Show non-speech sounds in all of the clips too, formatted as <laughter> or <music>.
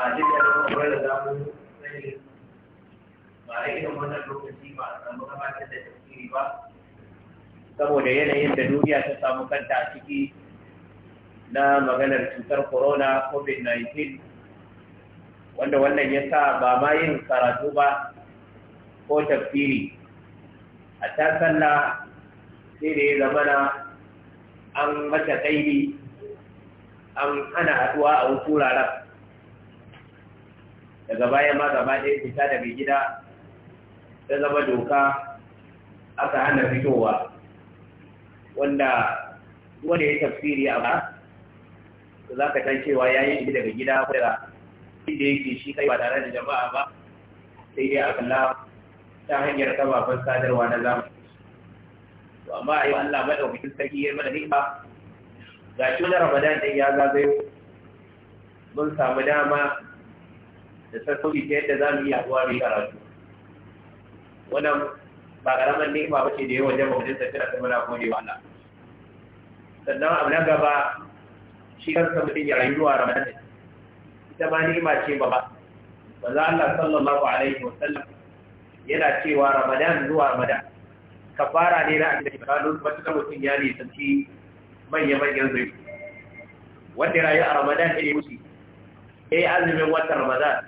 za mu ba a wannan lokaci ba a samu da ba saboda yanayin da duniya ta samu kanta a ciki na maganar cutar corona covid-19 wanda wannan ya sa ba ma yin karatu ba ko tafsiri a ta sallah sai da ya zamana an mata kaidi an hana haɗuwa a wasu wuraren daga baya ma gaba ɗaya fita daga gida ta zama doka aka hana fitowa wanda wanda ya tafsiri a ba za ka san cewa ya yi daga gida kwaya inda yake shi kai ba tare da jama'a ba sai dai a kalla ta hanyar kafafen sadarwa na zamani to amma wa Allah madaukakin sarki ya mana ni'ima ga shi wani Ramadan ɗin ya zagayo mun samu dama da sassauci ta yadda za mu yi abuwa mai karatu wannan ba karamar ne, ba ce da yawan jama wajen tafiya ta muna gode wa Allah sannan abu na gaba shi kansa mutum ya rayuwa ramadan ita ma ni'ima ce ba ba Ba manzo Allah sallallahu alaihi wa sallam yana cewa ramadan zuwa ramadan kafara ne na abin da kanun matuƙar mutum ya nisanci manya-manyan zai wanda rayu a ramadan ne musu ya yi azumin watan ramadan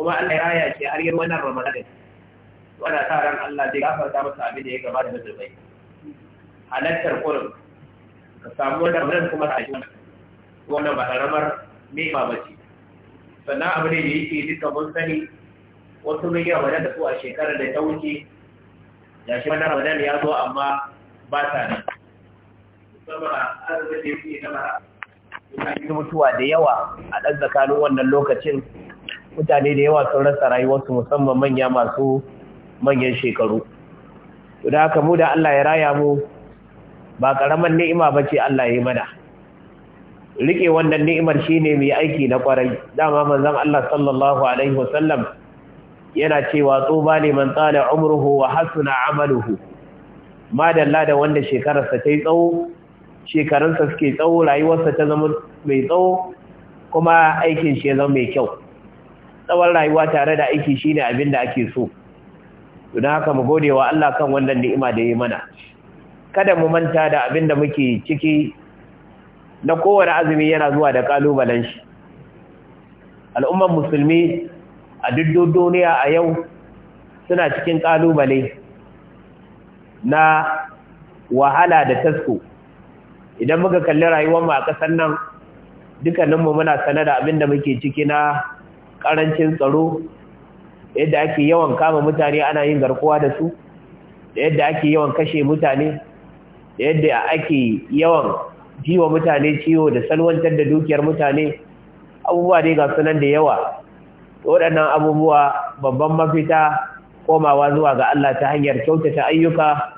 kuma Allah ya raya shi har yin wannan Ramadan wanda sa ran Allah zai gafarta masa abin da ya gaba da zurbai halattar kurin ka samu wannan Ramadan kuma ta shi wannan ba haramar nema ba ce sannan abu ne da yake duka mun sani wasu mun yi Ramadan da su a shekarar da ta wuce ya shi wannan Ramadan ya zo amma ba ta nan musamman arziki da yake mutuwa da yawa a ɗan tsakanin wannan lokacin mutane da yawa sun rasa rayuwarsu musamman manya masu manyan shekaru to da haka mu da Allah ya raya mu ba ƙaramin ni'ima ba ce Allah ya yi mana rike wannan ni'imar shine mai aiki na ƙwarai, dama manzan Allah sallallahu alaihi wasallam yana cewa tsoba ne man tsala umruhu wa hasuna amaluhu madalla da wanda shekararsa ta yi tsawo shekarunsa suke tsawo rayuwarsa ta zama mai tsawo kuma aikin shi ya zama mai kyau tsawon rayuwa tare da aiki shine abin da ake so don haka mu gode wa Allah kan wannan ni'ima da ya mana kada mu manta da abin da muke ciki na kowane azumi yana zuwa da kalubalen shi al'ummar musulmi a duk duniya a yau suna cikin ƙalubale na wahala da tasko idan muka kalli rayuwar mu a ƙasar nan dukkaninmu muna sanar da abin da muke ciki na karancin tsaro yadda ake yawan kama mutane ana yin garkuwa da su da yadda ake yawan kashe mutane da yadda ake yawan jiwa mutane ciwo da salwantar da dukiyar mutane abubuwa dai ga sunan da yawa waɗannan abubuwa babban mafita komawa zuwa ga Allah ta hanyar kyautata ayyuka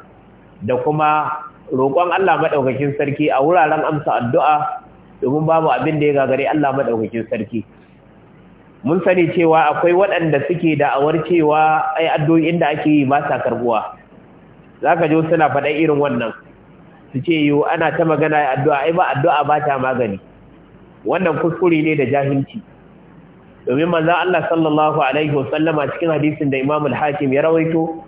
da kuma roƙon Allah maɗaukakin sarki a wuraren amsa addu'a domin babu abin da ya gagare Allah maɗaukakin sarki mun sani cewa akwai waɗanda suke da'awar cewa ai addu'o'in da ake yi ba sa karbuwa zaka je suna faɗa irin wannan su ce yo ana ta magana addu'a ai ba addu'a ba ta magani wannan kuskure ne da jahilci domin manzon Allah sallallahu alaihi wasallama cikin hadisin da Imam al-Hakim ya rawaito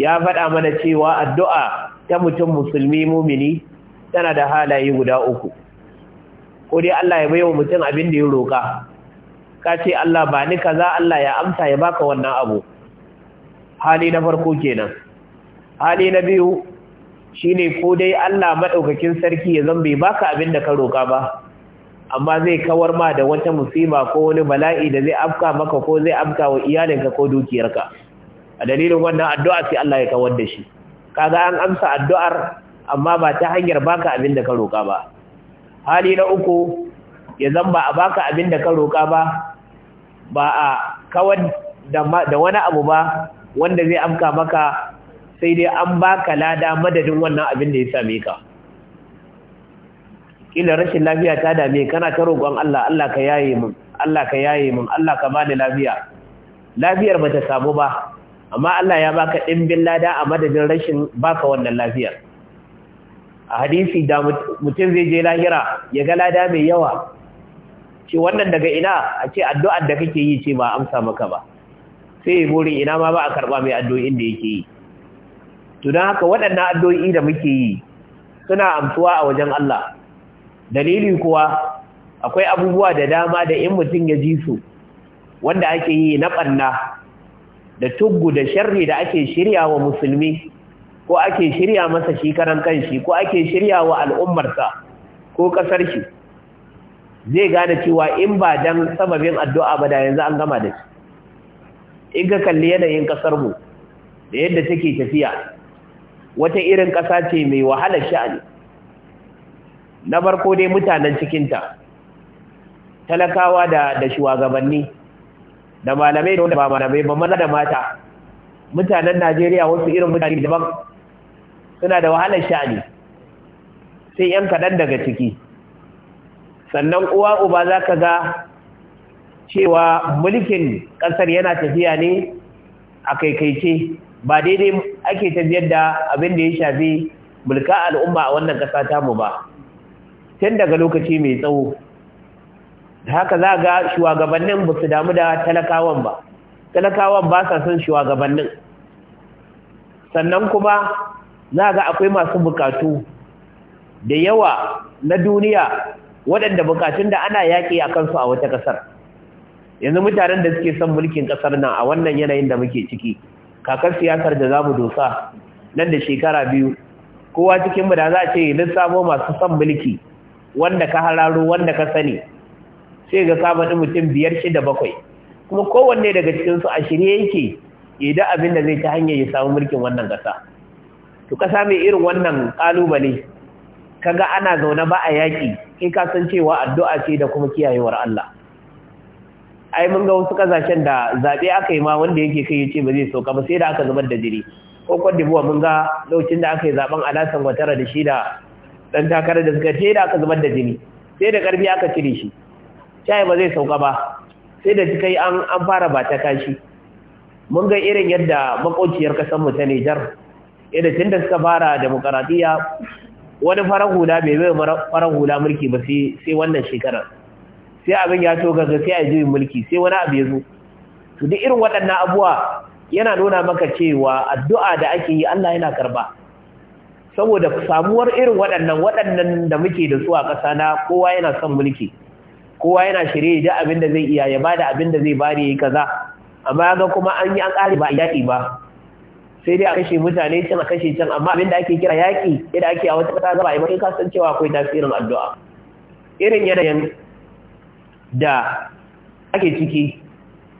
ya faɗa mana cewa addu'a ta mutum musulmi mumini tana da halaye guda uku ko dai Allah ya wa mutum abin da ya roka. ka ce Allah ba ni kaza Allah ya amsa ya baka wannan abu hali na farko kenan hali na biyu shine ko dai Allah madaukakin sarki ya zambe bai baka abin da ka roka ba amma zai kawar ma da wata musiba ko wani bala'i da zai afka maka ko zai afka wa iyalinka ko dukiyarka a dalilin wannan addu'a sai Allah ya kawar da shi kaga an amsa addu'ar amma ba ta hanyar baka abin da ka roka ba hali na uku ya zan ba a baka abin da ka roƙa ba ba a kawar da wani abu ba wanda zai amka maka sai dai an baka lada madadin wannan abin da ya same ka kila rashin lafiya ta dame kana ta roƙon Allah Allah ka yaye mun Allah ka yaye mun Allah ka bani lafiya lafiyar ba ta samu ba amma Allah ya baka ɗimbin lada a madadin rashin baka wannan lafiyar a hadisi da mutum zai je lahira ya ga lada mai yawa ce wannan daga ina a ce addu'ar da kake yi ce ba amsa maka ba sai burin ina ma ba a karɓa mai addu'o'in da yake yi to haka waɗannan addu'o'i da muke yi suna amsuwa a wajen Allah dalili kuwa akwai abubuwa da dama da in mutum ya ji su wanda ake yi na ɓanna da tuggu da sharri da ake shirya wa musulmi ko ake shirya masa shi karan kanshi ko ake shirya wa al'ummarsa ko ƙasar shi zai gane cewa in ba dan sababin addu'a ba da yanzu an gama da shi in ka kalli yanayin kasar mu da yadda take tafiya wata irin ƙasa ce mai wahalar sha'ani na barko dai mutanen cikinta talakawa da da shugabanni da malamai da ba malamai ba maza da mata mutanen Najeriya wasu irin mutane daban suna da wahalar sha'ani sai 'yan kaɗan daga ciki sannan uwa uba za ka ga cewa mulkin ƙasar yana tafiya ne a kaikaice ba daidai ake tafiyar da abin da ya shafi mulka al'umma a wannan ƙasa tamu ba tun daga lokaci mai tsawo da haka za ga shugabannin ba su damu da talakawan ba talakawan ba sa son shugabannin sannan kuma za ga akwai masu bukatu da yawa na duniya waɗanda bukatun da ana yaƙi a kansu a wata ƙasar yanzu mutanen da suke son mulkin ƙasar nan a wannan yanayin da muke ciki kakar siyasar da za mu dosa nan da shekara biyu kowa cikinmu da za a ce lissafo masu son mulki wanda ka hararo wanda ka sani sai ga kama mutum biyar shida bakwai kuma kowanne daga cikinsu a shirye yake idan abin da zai ta hanyar ya samu mulkin wannan ƙasa to ƙasa mai irin wannan ƙalubale kaga ana zaune ba a yaƙi kai ka san cewa addu'a ce da kuma kiyayewar Allah ai mun ga wasu kasashen da zabe aka yi ma wanda yake kai yace ba zai sauka ba sai da aka zubar da jiri ko Cote mun ga lokacin da aka yi zaben Alasan Watara da shi da dan takarar da suka sai da aka zubar da jini sai da ƙarfi aka cire shi chai ba zai sauka ba sai da kai an an fara ba ta kashi mun ga irin yadda makociyar kasar mu ta nijar yadda tunda suka fara demokaradiyya wani farar hula bai mai farar hula mulki ba sai wannan shekarar sai abin ya toga sai a juyin mulki sai wani abu ya zo to duk irin waɗannan abuwa yana nuna maka cewa addu'a da ake yi Allah yana karba saboda samuwar irin waɗannan waɗannan da muke da su a ƙasa na kowa yana son mulki kowa yana shirye da abin da zai iya ya ba da abin da zai bari yi kaza amma ga kuma an yi an ƙare ba a yaƙi ba sai dai a kashe mutane can a kashe can amma abinda ake kira yaƙi yadda ake a wata ƙasa yi imanin kasan cewa akwai tasirin addu'a irin yanayin da ake ciki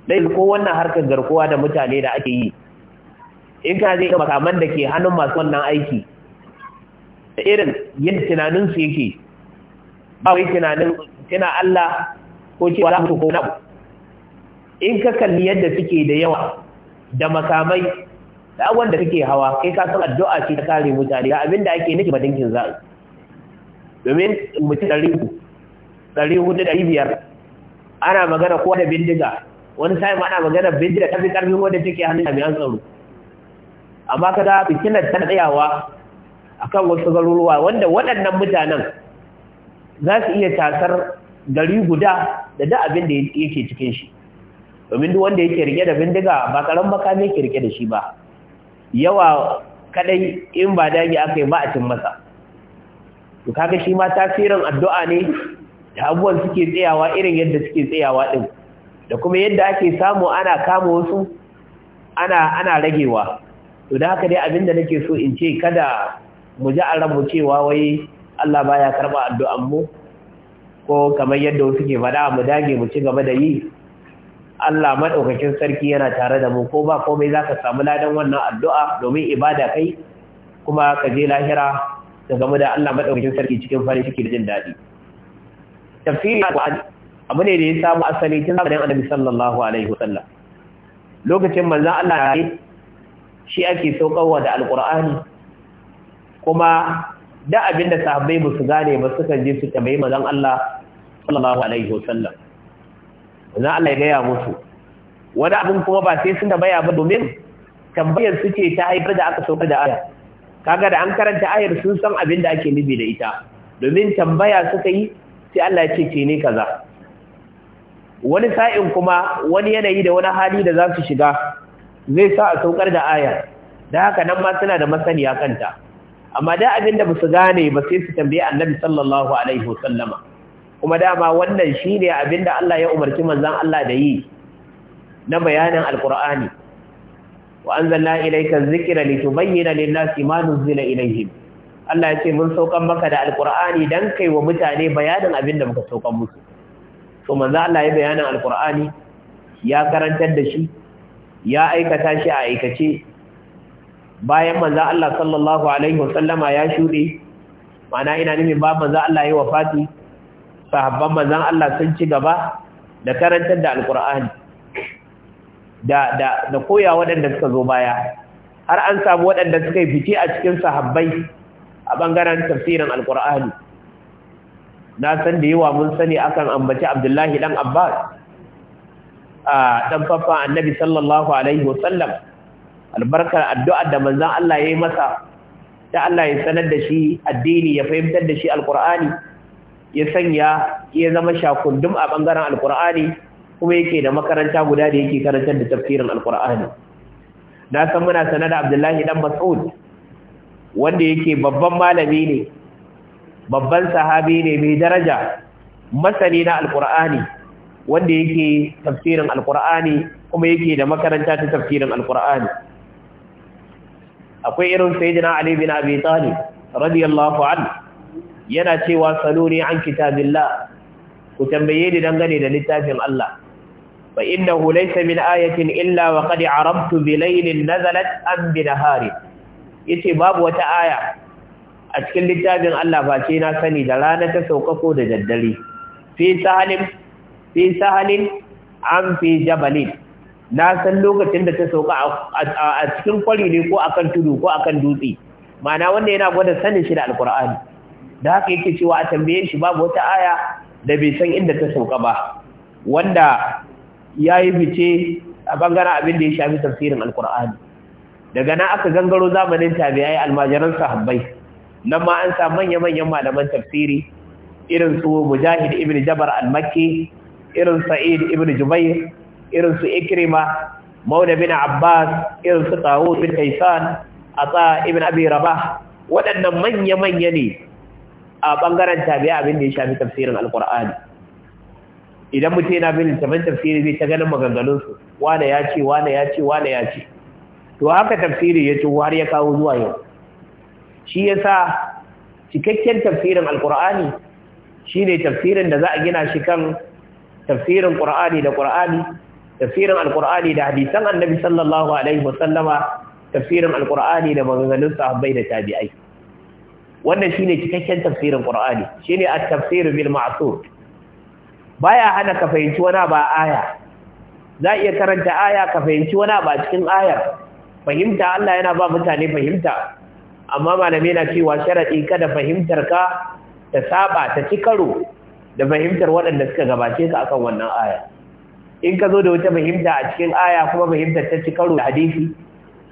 dai ko wannan harkar garkuwa da mutane da ake yi in ka zai makaman da ke hannun masu wannan aiki da irin yin tunanin su yake ba wai tunanin tuna Allah ko cewa za ko na in ka kalli yadda suke da yawa da makamai da wanda da kake hawa kai ka san addu'a ce ta kare mutane ga abin da ake nufi badinkin za domin mutum ɗari ɗari hudu ɗari biyar ana magana ko da bindiga wani ma ana magana bindiga ta fi ƙarfin wanda take hannun jami'an tsaro amma ka ga fitinar ta tsayawa akan wasu garuruwa wanda waɗannan mutanen za su iya tasar gari guda da da abin da yake cikin shi domin duk wanda yake rike da bindiga ba karan makami yake rike da shi ba yawa kadai in ba dage aka yi ba a cin masa to kaga shi ma tasirin addu'a ne da abubuwan suke tsayawa irin yadda suke tsayawa din da kuma yadda ake samu ana kama wasu ana ana ragewa to da haka dai abinda nake so in ce kada mu ji a rabu cewa wai Allah baya karba addu'an mu ko kamar yadda wasu ke faɗa mu dage mu ci gaba da yi Allah madaukakin sarki yana tare da mu ko ba komai zaka samu ladan wannan addu'a domin ibada kai kuma ka je lahira ka gamu da Allah madaukakin sarki cikin farin ciki da jin daɗi tafsiri abu ne da ya samu asali tun zamanin annabi sallallahu alaihi wasallam lokacin manzon Allah ya shi ake saukarwa da alqur'ani kuma da abin da sahabbai ba su gane ba suka je su tambayi manzon Allah sallallahu alaihi wasallam na Allah ya gaya musu wani abin kuma ba sai sun da baya ba domin tambayar su ce ta haifar da aka saukar da aya kaga da an karanta ayar sun san abin da ake nufi da ita domin tambaya suka yi sai Allah ya ce ce ne kaza wani sa'in kuma wani yanayi da wani hali da za su shiga zai sa a saukar da aya da haka nan ma suna da masaniya kanta amma da abin da ba su gane ba sai su tambaye annabi sallallahu alaihi wasallama kuma dama wannan shi abin abinda Allah ya umarci manzan Allah da yi na bayanin alkur'ani wa anzalna ilayka dhikra litubayyana lin-nasi ma nuzila ilaihim Allah ya ce mun saukan maka da alkur'ani dan kai wa mutane bayanin abinda muka saukan musu to manzan Allah ya bayanin alkur'ani ya karantar da shi ya aikata shi a aikace bayan manzan Allah sallallahu alaihi wasallama ya shude mana ina nemi ba manzan Allah ya wafati sahabban manzan Allah sun ci gaba da karantar da alkur'ani da da da koya waɗanda suka zo baya har an samu waɗanda suka yi fice a cikin sahabbai a bangaren tafsirin alkur'ani na san da yawa mun sani akan ambaci Abdullahi dan Abbas a dan fafa annabi sallallahu alaihi wasallam albarkar Addu'a da manzan Allah ya yi masa ta Allah ya sanar da shi addini ya fahimtar da shi alkur'ani ya sanya ya zama shakundum a bangaren alkur'ani kuma yake da makaranta guda da yake karantar da tafsirin alkur'ani na san muna sana da abdullahi dan mas'ud wanda yake babban malami ne babban sahabi ne mai daraja masani na alkur'ani wanda yake tafsirin alkur'ani kuma yake da makaranta ta tafsirin alkur'ani akwai irin sayyidina ali bin abi talib radiyallahu anhu yana cewa saluni an billa ku tambaye ni dangane da littafin Allah fa innahu hulaita min ayatin illa wa qad arabtu bi laylin nazalat am yace babu wata aya a cikin littafin Allah ba ce na sani da rana ta sauka ko da daddare fi sahalin fi fi jabalin na san lokacin da ta sauka a cikin kwari ne ko akan tudu ko akan dutse ma'ana wanda yana gwada sanin shi da alkur'ani da haka yake cewa a tambaye shi babu wata aya da bai san inda ta sauka ba wanda ya yi fice a bangaren abin da ya shafi tafsirin alkur'ani daga na aka gangaro zamanin tabi'ai almajiran sahabbai nan ma an samu manya-manyan malaman tafsiri irin su mujahid ibn jabar al-makki irin sa'id ibn jubair irin su ikrima maula bin abbas irin su tawud bin kaisan ata ibn abi rabah waɗannan manya-manya ne a bangaren tabi'a abin da ya shafi tafsirin Alƙur'ani. idan mutum yana bin littafin tafsiri zai ta ganin maganganun wane ya ce wane ya ce wane ya ce to haka tafsiri ya ci har ya kawo zuwa yau shi sa cikakken tafsirin alqur'ani shine tafsirin da za a gina shi kan tafsirin ƙur'ani da ƙur'ani, tafsirin Alƙur'ani da hadisan annabi sallallahu alaihi wasallama tafsirin Alƙur'ani da maganganun sahabbai da tabi'ai wannan shine cikakken tafsirin qur'ani shine at-tafsir bil ma'thur baya hana ka fahimci wani ba aya za iya karanta aya ka fahimci wani ba cikin ayar fahimta Allah yana ba mutane fahimta amma malami yana cewa sharadi kada fahimtar ka ta saba ta ci karo da fahimtar waɗanda suka gabace ka akan wannan aya in ka zo da wata fahimta a cikin aya kuma fahimtar ta ci karo da hadisi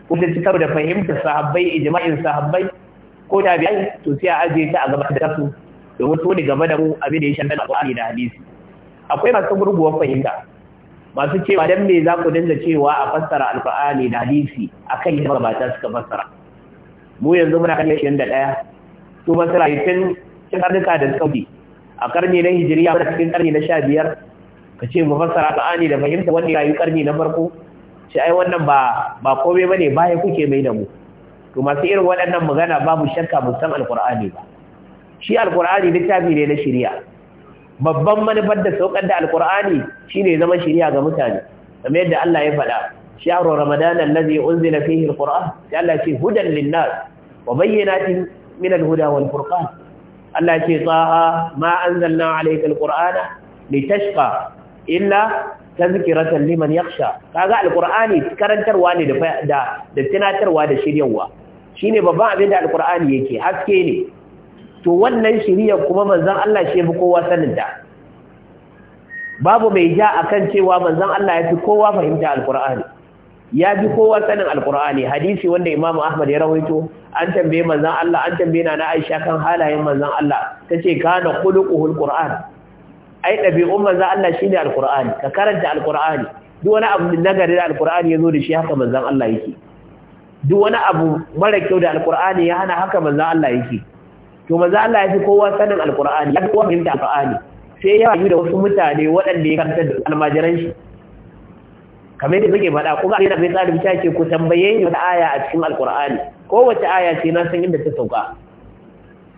ko ta ci karo da fahimtar sahabbai ijma'in sahabbai ko ta biya to sai a ajiye ta a gaba da su domin so ne gaba da mu abin da ya shanda alƙur'ani da hadisi akwai masu gurguwar fahimta masu cewa dan me za ku dinga cewa a fassara alƙur'ani da hadisi akan yadda magabata suka fassara mu yanzu muna kan yashin da ɗaya su fassara tun cikin karnuka da suka a karni na hijiriya muna cikin karni na sha biyar ka ce mu fassara alƙur'ani da fahimta wanda ya yi karni na farko shi ai wannan ba ba komai bane baya kuke mai da mu to masu irin waɗannan magana babu shakka musan alkur'ani ba shi alkur'ani littafi ne na shari'a babban manufar da saukar da alkur'ani shine zama shari'a ga mutane kamar yadda Allah ya faɗa shahru ramadan allazi unzila fihi alqur'an sai Allah ya ce hudan linnas wa bayyinatin min alhuda wal furqan Allah ce taha ma anzalna alayka alqur'ana litashqa illa tazkiratan liman yakhsha kaga alqur'ani karantarwa ne da da tunatarwa da shiryawa shine babban abin da alkur'ani yake haske ne to wannan shiriyar kuma manzon Allah shi fi kowa saninta. babu mai ja a kan cewa manzan Allah ya fi kowa fahimta alkur'ani ya fi kowa sanin alkur'ani hadisi wanda Imam Ahmad ya rawaito an tambaye manzon Allah an tambaye na Aisha kan halayen manzon Allah tace kana khuluquhul qur'an ai dabi'un manzon Allah shine alkur'ani ka karanta alkur'ani duk wani abu nagari da alkur'ani yazo da shi haka manzan Allah yake duk wani abu mara kyau da alkur'ani ya hana haka manzo Allah yake to manzo Allah yake kowa sanin alkur'ani ya kowa fahimta alkur'ani sai ya yi da wasu mutane waɗanda ya karanta da almajiran shi kamar yadda suke faɗa kuma ina bai tsari ta ce ku tambaye ni wata aya a cikin alkur'ani kowace aya ce na san inda ta sauka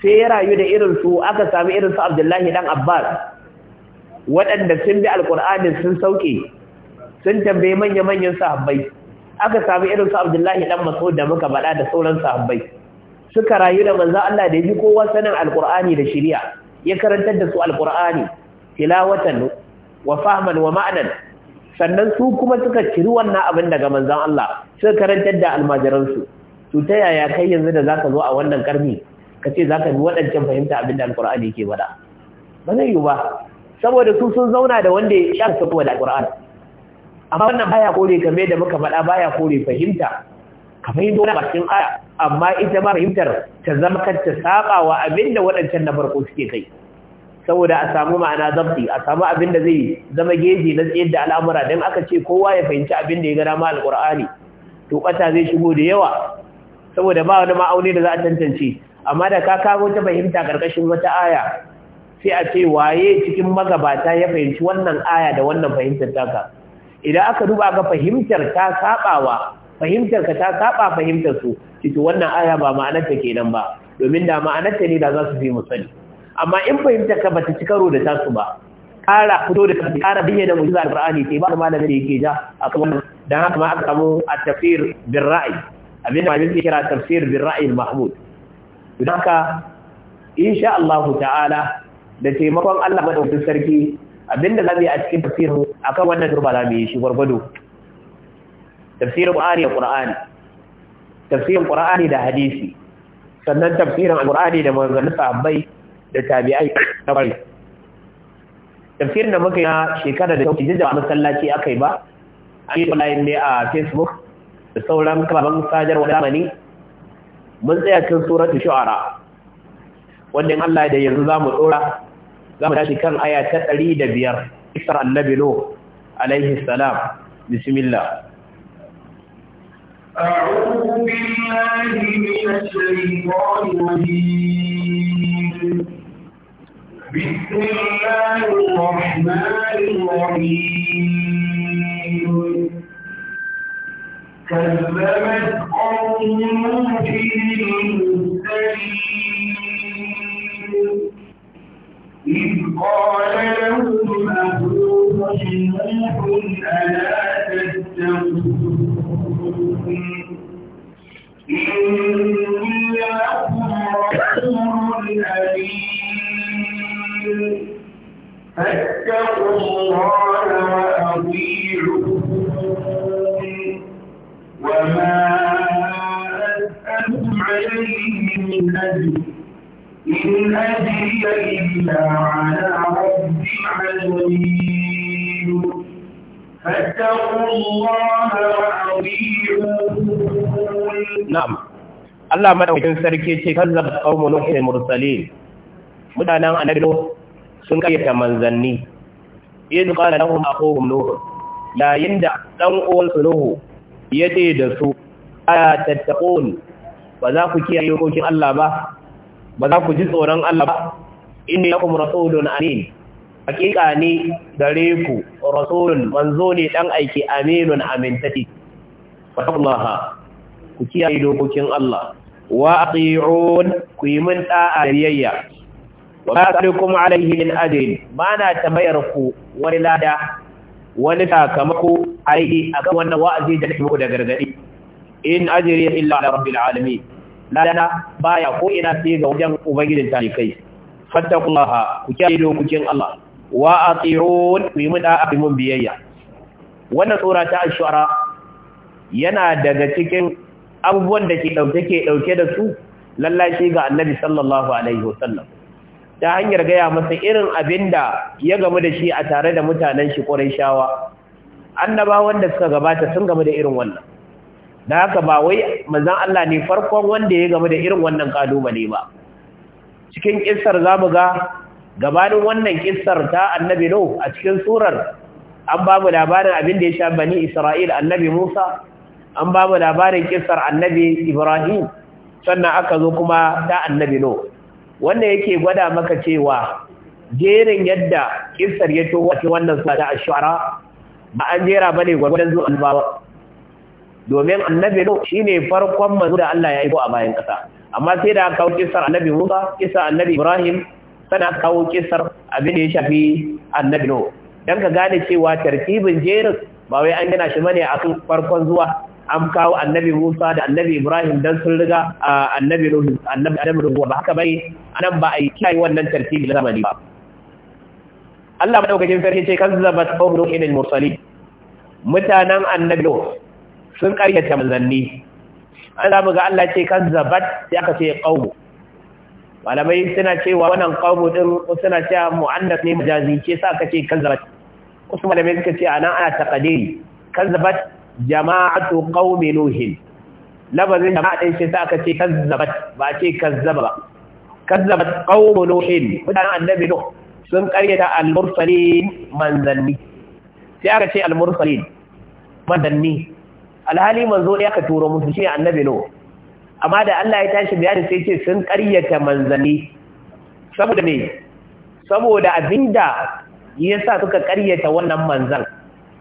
sai ya rayu da irin su aka sami irin su Abdullahi dan Abbas waɗanda sun bi alkur'ani sun sauke sun tambaye manya-manyan sahabbai aka sami irin su Abdullahi dan Mas'ud da muka bada da sauran sahabbai suka rayu da manzo Allah da yaji kowa sanin alqur'ani da shari'a ya karantar da su alqur'ani tilawatan wa fahman wa ma'nan sannan su kuma suka ciri wannan abin daga manzo Allah suka karantar da almajiran su to ta yaya kai yanzu da zaka zo a wannan karni kace zaka bi wadancan fahimta abin da alqur'ani yake bada ba zai yi ba saboda su sun zauna da wanda ya shafa da alqur'ani amma wannan baya kore game da muka faɗa baya kore fahimta ka fahimta wani bakin aya amma ita ma fahimtar ta zama kanta saba wa abin waɗancan na farko suke kai saboda a samu ma'ana zabti a samu abin da zai zama geji na tsayar da al'amura don aka ce kowa ya fahimci abin da ya gana ma alƙur'ani to ɓata zai shigo da yawa saboda ba wani ma'auni da za a tantance amma da ka kawo ta fahimta ƙarƙashin wata aya sai a ce waye cikin magabata ya fahimci wannan aya da wannan fahimtar taka idan aka duba ga fahimtar ta sabawa fahimtar ka ta saba fahimtar su cikin wannan aya ba ta kenan ba domin da ma'anarta ne da za su fi mu sani amma in fahimtar ka bata ci karo da su ba kara fito da kara bayyana mu'jizar Qur'ani sai ba malamin da yake ja a wannan dan haka ma aka samu at-tafsir bil ra'i abin da yake kira tafsir bil ra'i mahmud don haka insha Allah ta'ala da taimakon Allah madaukakin sarki abinda da yi a cikin tafsirin akan wannan turba zabi yi shi gwargwado tafsirin Qur'ani da Qur'ani tafsirin Qur'ani da hadisi sannan tafsirin Qur'ani da maganganun sahabbai da tabi'ai na ƙwari. tafsirin da muka yi shekara da tauki da masallaci akai ba an yi online ne a Facebook da sauran kababan wani zamani mun tsaya kan suratul shu'ara wanda Allah da yanzu zamu dora za mu tashi kan aya ta ɗari da biyar isar annabi lo alaihi salam bismillah بسم الله الرحمن الرحيم Allah madaukakin sarki ce kazzab qaumun nuhin mursalin mutanen annabi sun kayyata manzanni idh qala kuma aqum nuh yayin da ɗan uwan su nuhu ce da su aya ni. ba za ku kiyaye hukuncin Allah ba ba za ku ji tsoron Allah ba ya kuma rasulun amin hakika ne gare ku rasulun manzo ne ɗan aiki aminun amintati fattallaha ku kiyaye dokokin Allah wa ati'un ku yi min da'a biyayya wa ma 'alayhi min ajrin ma na tambayar ku wani lada wani sakamako a akan wannan wa'azi da nake da gargadi in ajri illa ala rabbil alamin ladana baya ko ina sai ga wajen ubangijin kai fattaqullaha ku kiyaye dokokin Allah wa ati'un ku yi min da'a mun biyayya wannan sura ta ashura yana daga cikin abubuwan da ke ɗauke ke ɗauke da su lallashi ga annabi sallallahu alaihi wasallam ta hanyar gaya masa irin abin da ya gamu da shi a tare da mutanen shi shawa. annabawan da suka gabata sun gamu da irin wannan da haka ba wai manzon Allah ne farkon wanda ya gamu da irin wannan kalubale ba cikin kissar zamu ga gabanin wannan kissar ta annabi Nuh a cikin surar an ba labarin abin da ya sha bani Isra'il annabi Musa an ba labarin kisar annabi ibrahim sannan aka zo kuma ta annabi no wanda yake gwada maka cewa jerin yadda kisar ya towa ce wannan sada a ba an jera ba ne gwargwadon zuwa domin annabi no shi ne farkon manzo da Allah ya aiko a bayan kasa. amma sai da kawo kisar annabi musa kisar annabi ibrahim sana kawo kisar abin da ya shafi annabi no don ka gane cewa tartibin jerin ba wai an gina shi mane akan farkon zuwa an kawo annabi Musa da annabi Ibrahim dan sun riga annabi Nuhu annabi Adam ruwa ba haka bai anan ba a yi wannan tartibi na zamani ba Allah madaukakin sarki ce kazzabat qawmun ilal mursalin mutanen annabi Nuh sun karyata manzanni an zamu ga Allah ce kazzabat sai aka ce qawmu malamai suna cewa wannan qawmu din suna cewa mu'annas ne majazi ce sa aka ce kazzabat wasu malamai suka ce anan ana taqdiri kazzabat jama'atu qaumi nuhin labarin da din shi sai aka ce kazzabat ba ce kazzaba ba kazzabat qaumu nuhin mutanen annabi nuh sun karyata al-mursalin manzanni sai aka ce al-mursalin manzanni alhali manzo ya aka turo musu shi annabi nuh amma da Allah ya tashi bayani sai ce sun karyata manzanni saboda me saboda abinda yasa suka karyata wannan manzan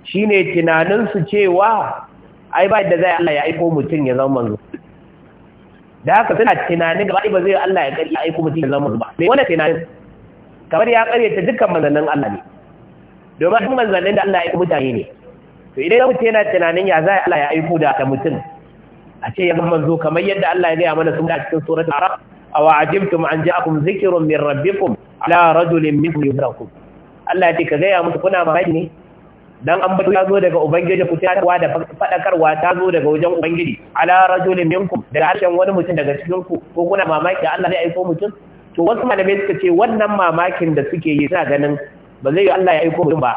Shi ne tunaninsu cewa ai ba da zai Allah ya aiko mutum ya zama manzo da haka suna tunanin gaba ba zai Allah ya kari aiko mutum ya zama manzo ba me wannan tunanin kamar ya karyata dukkan manzannin Allah ne domin duk manzannin da Allah ya aiko mutane ne to idan mutum yana tunanin ya zai Allah ya aiko da ta mutum a ce ya zama manzo kamar yadda Allah ya gaya mana sun da cikin suratul araf aw ajibtum an ja'akum zikrun min rabbikum ala rajulin minkum yuzrakum Allah ya ce ka gaya musu kuna mamaki ne dan an ta zo daga ubangiji fitarwa da fadakarwa ta zo daga wajen ubangiji ala rajulin minkum daga harshen wani mutum daga cikin ku ko kuna mamaki da Allah zai aiko mutum to wasu malamai suka ce wannan mamakin da suke yi suna ganin ba zai yi Allah ya aiko mutum ba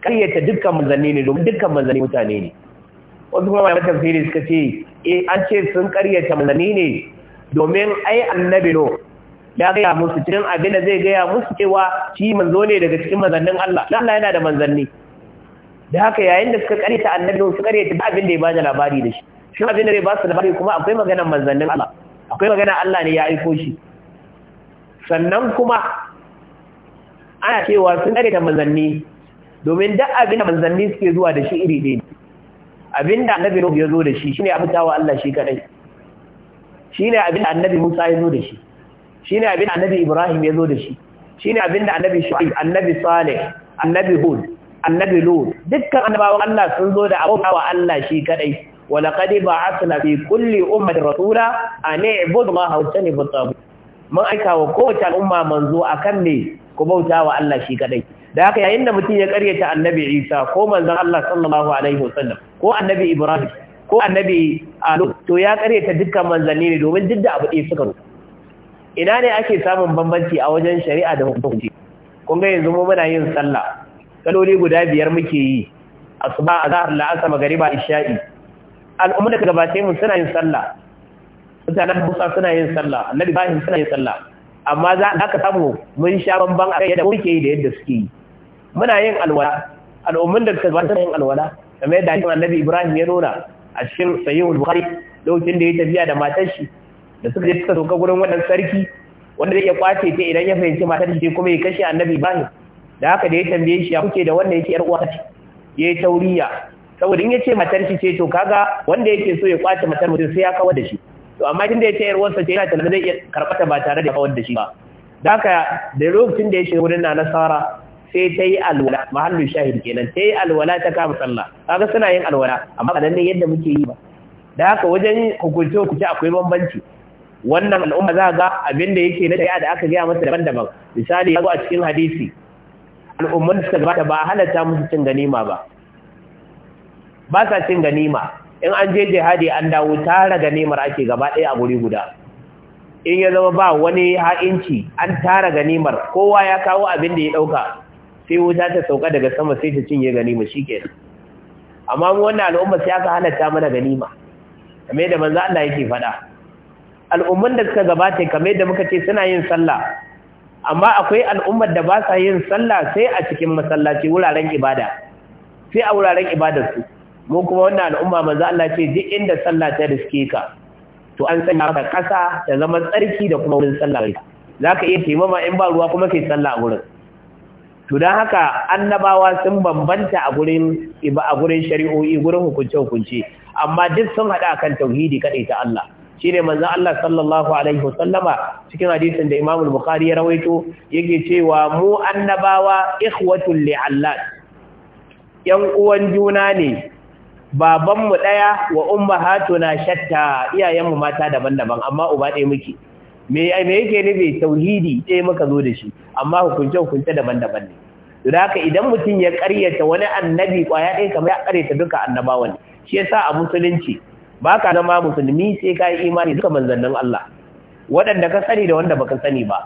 karyata dukkan manzanni ne domin dukkan manzanni mutane ne wasu kuma malamai tafsiri suka ce eh an ce sun karyata manzanni ne domin ai annabi no ya gaya musu cikin abin da zai gaya musu cewa shi manzo ne daga cikin manzannin Allah Allah yana da manzanni da haka yayin da suka karyata annabi su karyata ba abin da ya bada labari da shi shi abin da ya ba su labari kuma akwai maganar manzannin Allah akwai magana Allah ne ya aiko shi sannan kuma ana cewa sun karyata manzanni domin duk abin da manzanni suke zuwa da shi iri ɗaya abin da annabi Nuhu ya zo da shi shine abin tawa Allah shi kadai shine abin da annabi Musa ya zo da shi shine abin da annabi Ibrahim ya zo da shi shine abin da annabi Shu'aib annabi Saleh annabi Hud annabi lut dukkan annabawan Allah sun zo da abota wa Allah shi kadai wa laqad ba'athna fi kulli ummatin rasula an i'budu ma hawtani bi mun aika wa kowace al'umma manzo akan ne ku bauta wa Allah shi kadai da haka yayin da mutum ya karyata annabi Isa ko manzon Allah sallallahu alaihi wasallam ko annabi Ibrahim ko annabi Alu to ya karyata dukkan manzanni ne domin duk da abu ɗaya suka rubuta ina ne ake samun bambanci a wajen shari'a da hukunci kun ga yanzu mu muna yin sallah kaloli guda biyar muke yi asuba azhar la'asar magariba isha'i Al'ummar da gabata mu suna yin sallah mutanen Musa suna yin sallah annabi Ibrahim suna yin sallah amma za a ka samu mun sha bamban a kai yadda muke yi da yadda suke yi muna yin alwala Al'ummar da suka gabata yin alwala kamar yadda cikin annabi Ibrahim ya nuna a cikin sayin Bukhari lokacin da ya tafiya da matar shi da suka je suka soka gurin wannan sarki wanda zai iya kwace ta idan ya fahimci matar shi kuma ya kashe annabi Ibrahim da haka da ya tambaye shi ya kuke da wanda yake yar uwa ce yi tauriya saboda in ce matar shi ce to kaga wanda yake so ya kwace matar mutum sai ya kawar da shi to amma tunda ce yar uwarsa ce yana talaba zai iya ta ba tare da kawar da shi ba da haka da lokacin da ya shiga wurin na nasara sai ta yi alwala mahallin shahid kenan ta yi alwala ta kama sallah kaga suna yin alwala amma kadan yadda muke yi ba da haka wajen hukunci hukunci akwai bambanci wannan al'umma za ga abin da yake na da aka gaya masa daban-daban misali ya zo a cikin hadisi Al'ummar da suka gabata ba halatta musu cin ganima ba ba sa cin ganima in an je jihadi an dawo tara ganimar ake gaba ɗaya a guri guda in ya zama ba wani ha'inci an tara ganimar kowa ya kawo abin da ya ɗauka sai wuta ta sauka daga sama sai ta cinye ganima shi ke amma mu wannan al'umma sai aka halatta mana ganima kamar yadda manzo Allah yake faɗa al'umman da suka gabata kamar da muka ce suna yin sallah amma akwai al'ummar da ba sa yin sallah sai a cikin masallaci wuraren ibada sai a wuraren ibadarsu mu kuma wannan al'umma manzo Allah ce duk inda sallah ta riske ka to an sanya ka kasa da zama tsarki da kuma wurin sallah zaka iya taimama in ba ruwa kuma kai sallah a gurin to don haka annabawa sun bambanta a gurin a gurin shari'o'i gurin hukunce hukunce amma duk sun hada kan tauhidi kadai ta Allah Shi ne manzon Allah sallallahu alaihi wasallama cikin hadisin da imamul Bukhari ya rawaito yake cewa mu annabawa ikhwatul li'allat yan uwan juna ne baban mu daya wa na shatta iyayenmu mata daban-daban amma uba ɗaya muke me me yake nufi tauhidi ɗaya muka zo da shi amma hukunce hukunce daban-daban ne da haka idan mutum ya karyata wani annabi kwaya ɗaya kamar ya karyata duka annabawan shi yasa a musulunci ba ka zama musulmi sai ka yi imani duka manzannin Allah waɗanda ka sani da wanda baka sani ba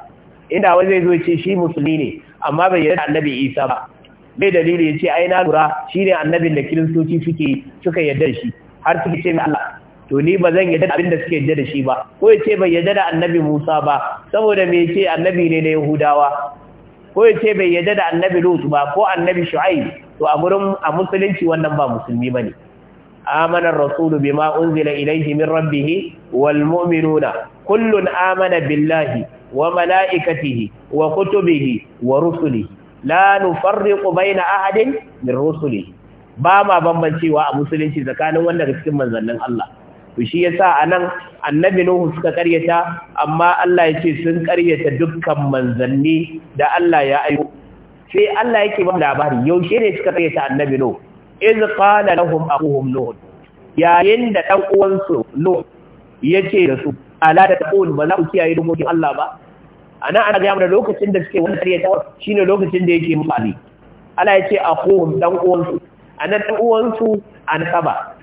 inda wani zai zo ce shi musulmi ne amma bai yarda annabi Isa ba bai dalili ya ce ai na lura shi ne annabin da kiristoci suke suka yarda da shi har suke ce mai Allah to ni ba zan yarda abin da suke yarda da shi ba ko ya ce bai yarda da annabi Musa ba saboda me yace annabi ne na Yahudawa ko ya ce bai yarda da annabi Lut ba ko annabi Shu'aib to a gurin a musulunci wannan ba musulmi ba ne. آمن الرسول بما أنزل إليه من ربه والمؤمنون كل آمن بالله وملائكته وكتبه ورسله لا نفرق بين أحد من رسله باما musulunci tsakanin wanda وانا cikin manzannin Allah to shi yasa anan annabi Nuhu suka karyata amma Allah yace sun karyata dukkan manzanni da Allah ya aiko sai Allah yake ba labari yaushe ne suka karyata annabi Nuhu iz qala lahum abuhum nuh yayin da dan uwan su ya yace da su ala da taqul ba za ku kiyaye dokokin Allah ba ana ana ga mu da lokacin da suke wannan tarihi shine lokacin da yake mutane Allah yace aqum dan uwan su anan dan uwan su an saba